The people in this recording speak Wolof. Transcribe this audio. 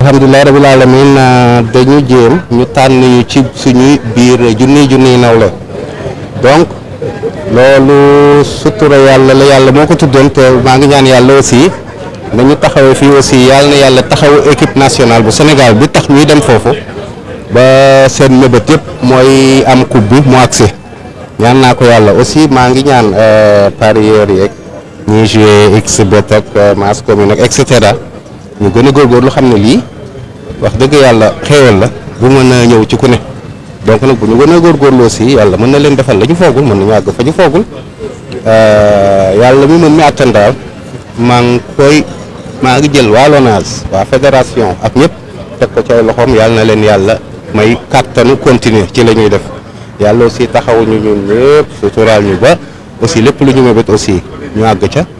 alhamdulillah rabbil alamin ah, dañu jëm ñu tan yu ci suñu biir jooni junni nawle donc lolu sutura yalla la yalla moko tuddon te ma nga ñaan yalla aussi nañu taxawé fi aussi yalla na yalla taxaw équipe nationale bu Sénégal bi tax ñuy dem fofu ba seen mebeut yépp moy am coupe bi mo accès ñaan nako yalla aussi ma nga ñaan euh parieur yi ñi jouer xbet ak euh, mas commune et cetera ñu gën a góorgóorlu xam ne lii wax dëgg yàlla xéewal la bu mën a ñëw ci ku ne donc nag bu ñu gën a góorgóorlu aussi yàlla mën na leen defal la ñu foogul mën nañu àgg fa ñu foogul euh, yàlla mi moom mi àttan daal maa ngi koy maa ngi jël waa LONASE waa fédération ak ñëpp teg ko ci loxoom yàlla na leen yàlla may kàttanu continuer ci la ñuy def yàlla aussi taxawuñu ñun ñëpp suturaal ñu ba aussi lépp lu ñu mébét aussi ñu àgg ca